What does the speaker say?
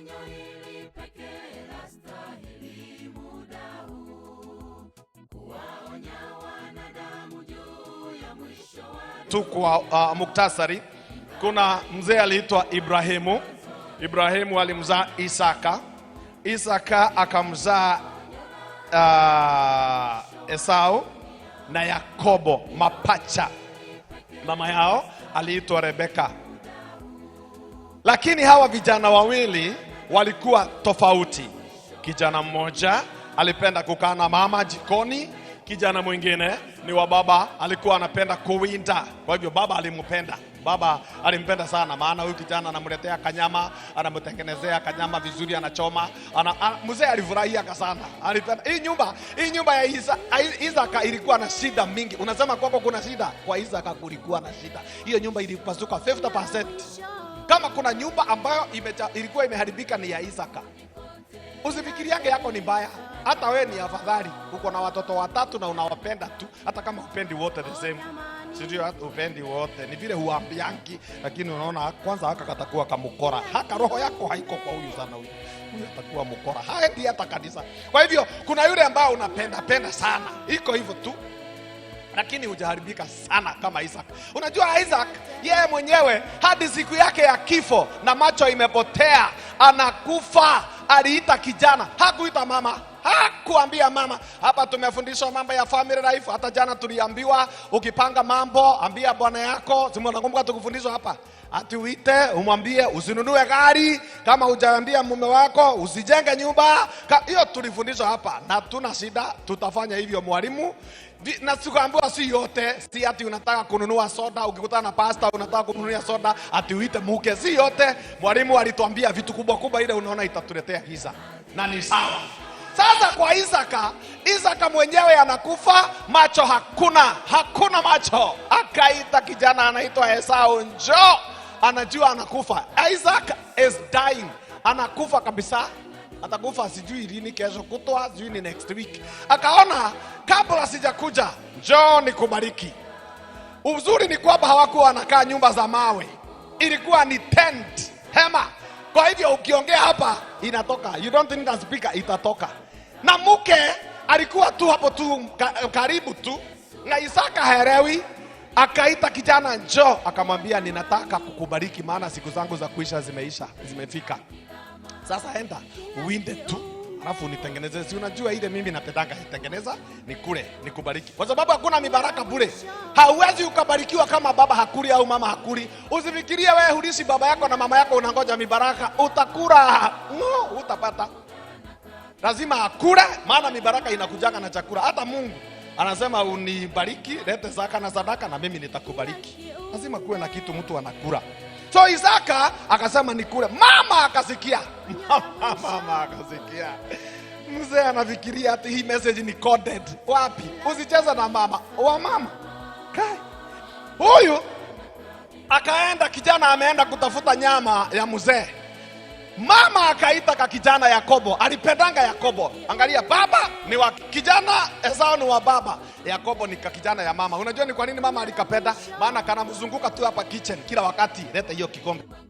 Onyo hili pekee lastahili muda huu, kuwaonya wanadamu juu ya mwisho wa tu. Kwa uh, muktasari, kuna mzee aliitwa Ibrahimu. Ibrahimu alimzaa Isaka, Isaka akamzaa uh, Esau na Yakobo mapacha. Mama yao aliitwa Rebeka, lakini hawa vijana wawili walikuwa tofauti. Kijana mmoja alipenda kukaa na mama jikoni, kijana mwingine ni wa baba, alikuwa anapenda kuwinda. Kwa hivyo baba alimpenda, baba alimpenda sana, maana huyu kijana anamletea kanyama, anamtengenezea kanyama vizuri, anachoma ana, ana, mzee alifurahia sana, alipenda hii nyumba. Hii nyumba ya Isaka ilikuwa na shida mingi. Unasema kwako kuna shida, kwa Isaka kulikuwa na shida. Hiyo nyumba ilipasuka 50%. Kama kuna nyumba ambayo imeta, ilikuwa imeharibika ni ya Isaka. Usifikiri yako ni mbaya, hata wewe ni afadhali. Uko na watoto watatu na unawapenda tu, hata kama upendi wote the same, sio hata upendi wote, ni vile huambiangi, lakini unaona kwanza haka katakuwa kamukora, haka roho yako haiko kwa huyu sana, huyu huyu atakuwa mukora, Haendi hata kanisa. Kwa hivyo kuna yule ambao unapenda penda sana, iko hivyo tu lakini hujaharibika sana kama Isaac. Unajua Isaac yeye mwenyewe hadi siku yake ya kifo na macho imepotea, anakufa aliita kijana, hakuita mama kuambia mama. Hapa tumefundishwa mambo ya family life, hata jana tuliambiwa ukipanga mambo ambia bwana yako. Nakumbuka tukufundishwa hapa ati uite umwambie usinunue gari kama hujaambia mume wako, usijenge nyumba. Hiyo tulifundishwa hapa na tuna shida, tutafanya hivyo mwalimu na sikuambiwa si yote, si ati unataka kununua soda, ukikutana na pasta unataka kununua soda ati uite muke, si yote. Mwalimu alituambia vitu kubwa kubwa, ile unaona itatuletea giza na ni sawa. Sasa kwa Isaka, Isaka mwenyewe anakufa, macho hakuna, hakuna macho. Akaita kijana anaitwa Esau, njo Anajua anakufa. Isaac is dying, anakufa kabisa, atakufa sijui lini, kesho kutwa, sijui ni next week. Akaona kabla sijakuja, njoo nikubariki. Uzuri ni kwamba hawakuwa wanakaa nyumba za mawe, ilikuwa ni tent, hema. Kwa hivyo ukiongea hapa inatoka, you don't need a speaker, itatoka na mke alikuwa tu hapo tu karibu tu, na Isaka haelewi, akaita kijana njo akamwambia ninataka kukubariki, maana siku zangu za kuisha zimeisha, zimefika. Sasa enda uinde tu alafu nitengeneze, si unajua ile mimi napendanga itengeneza nikule nikubariki, kwa sababu hakuna mibaraka bure. Hauwezi ukabarikiwa kama baba hakuli au mama hakuli. Usifikirie wewe hulishi baba yako na mama yako unangoja mibaraka, utakula no, utapata lazima akule, maana mibaraka inakujanga na chakula. Hata Mungu anasema unibariki, lete zaka na sadaka na mimi nitakubariki. Lazima kuwe na kitu mtu anakula. So Isaka akasema nikule. Mama akasikia, mama, mama akasikia. Mzee anafikiria ati hii message ni coded. Wapi? Usicheza na mama wa mama kai huyu. Akaenda kijana ameenda kutafuta nyama ya mzee Mama akaita ka kijana Yakobo, alipendanga Yakobo. Angalia, baba ni wa kijana, Esau ni wa baba, Yakobo ni ka kijana ya mama. Unajua ni kwa nini mama alikapenda? Maana kanamzunguka tu hapa kitchen kila wakati, leta hiyo kikombe